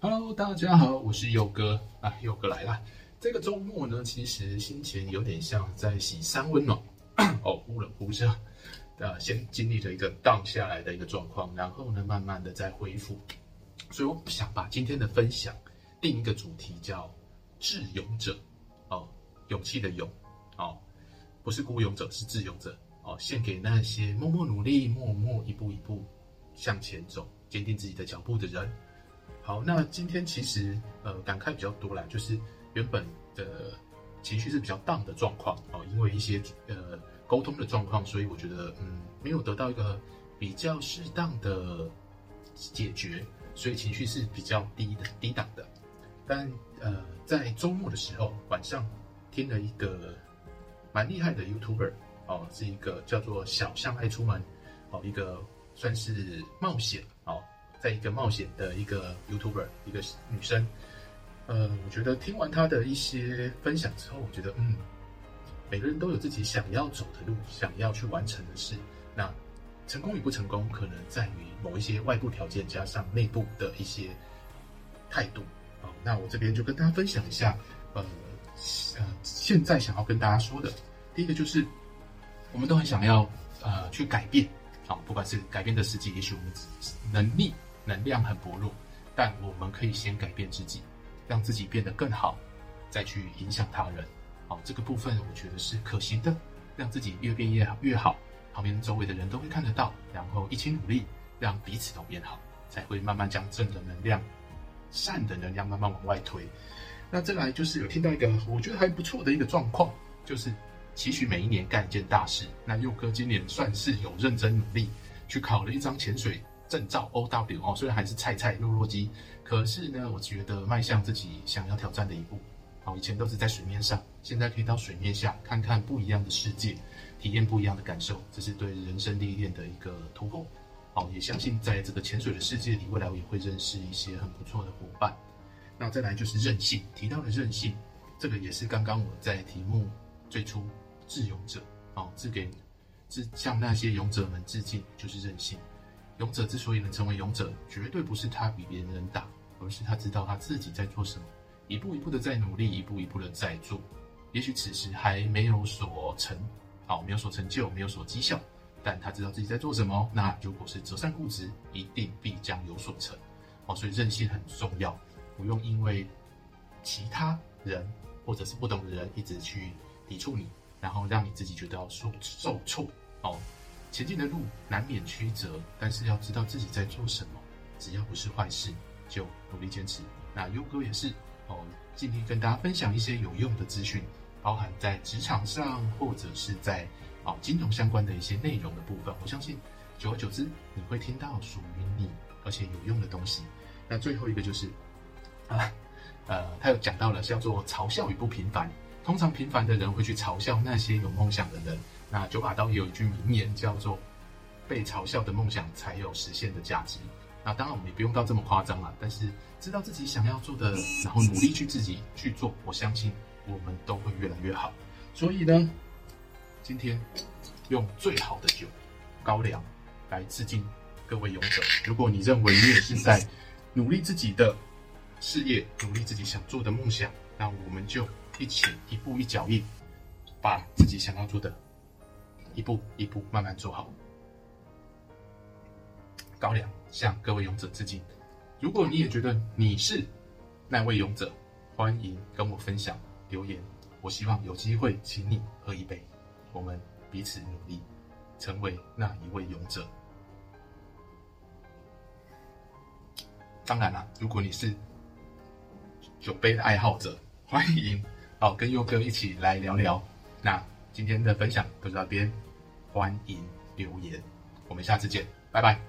Hello，大家好，我是佑哥啊，佑哥來了。這個周末呢，其實心情有點像在洗三溫暖，哦，忽冷忽熱。呃，先經歷了一個 down 下來的一個狀況，然後呢，慢慢的再恢復。所以我想把今天的分享定一個主題，叫“致勇者”。哦，勇氣的勇，哦，不是孤勇者，是致勇者。哦，獻給那些默默努力、默默一步一步向前走、堅定自己的腳步的人。好，那今天其實呃感慨比較多啦，就是原本的情緒是比較 down 的狀況哦，因為一些呃溝通的狀況，所以我覺得嗯沒有得到一個比較適當的解決，所以情緒是比較低的低檔的。但呃在周末的時候晚上聽了一個蠻厲害的 YouTuber 哦，是一個叫做小象愛出門哦，一個算是冒險哦。在一個冒險的一個 YouTuber，一個女生，呃，我覺得聽完她的一些分享之後，我覺得嗯，每個人都有自己想要走的路，想要去完成的事。那成功與不成功，可能在於某一些外部條件加上內部的一些態度。啊、呃，那我這邊就跟大家分享一下，呃呃，現在想要跟大家說的，第一個就是我們都很想要呃去改變，啊、哦，不管是改變的時機，也許我們能力。能量很薄弱，但我們可以先改變自己，讓自己變得更好，再去影響他人。好、哦，這個部分我覺得是可行的。讓自己越變越好越好，旁邊周圍的人都會看得到，然後一起努力，讓彼此都變好，才會慢慢將正的能量、善的能量慢慢往外推。那再來就是有聽到一個我覺得還不錯的一個狀況，就是期許每一年幹一件大事。那佑哥今年算是有認真努力，去考了一張潛水證照 O W 哦，雖然還是菜菜弱弱雞，可是呢，我覺得邁向自己想要挑戰的一步哦。以前都是在水面上，現在可以到水面下看看不一樣的世界，體驗不一樣的感受，這是對人生歷練的一個突破哦。也相信在這個潛水的世界裡，未來我也會認識一些很不錯的夥伴。那再來就是韌性，提到了韌性，這個也是剛剛我在題目最初致勇者哦，致給致向那些勇者們致敬，就是韌性。勇者之所以能成為勇者，絕對不是他比別人能打，而是他知道他自己在做什麼，一步一步的在努力，一步一步的在做。也許此時還沒有所成，哦，沒有所成就，沒有所績效，但他知道自己在做什麼。那如果是擇善固執，一定必將有所成，哦，所以韌性很重要，不用因為其他人或者是不懂的人一直去抵觸你，然後讓你自己覺得受受挫，哦。前進的路難免曲折，但是要知道自己在做什麼。只要不是壞事，就努力堅持。那佑哥也是哦，盡力跟大家分享一些有用的資訊，包含在職場上或者是在哦金融相關的一些內容的部分。我相信，久而久之，你會聽到屬於你而且有用的東西。那最後一個就是啊，呃，他有講到了叫做嘲笑與不平凡。通常平凡的人會去嘲笑那些有夢想的人。那九把刀也有一句名言，叫做“被嘲笑的夢想才有實現的價值”。那當然，我們也不用到這麼誇張啊，但是，知道自己想要做的，然後努力去自己去做，我相信我們都會越來越好。所以呢，今天用最好的酒高粱來致敬各位勇者。如果你認為你也是在努力自己的事業，努力自己想做的夢想，那我們就一起一步一腳印，把自己想要做的。一步一步慢慢做好。高粱向各位勇者致敬。如果你也覺得你是那位勇者，歡迎跟我分享留言。我希望有機會請你喝一杯。我們彼此努力，成為那一位勇者。當然了、啊，如果你是酒杯的愛好者，歡迎哦，跟佑哥一起來聊聊。嗯、那今天的分享就到這邊。歡迎留言，我們下次見，拜拜。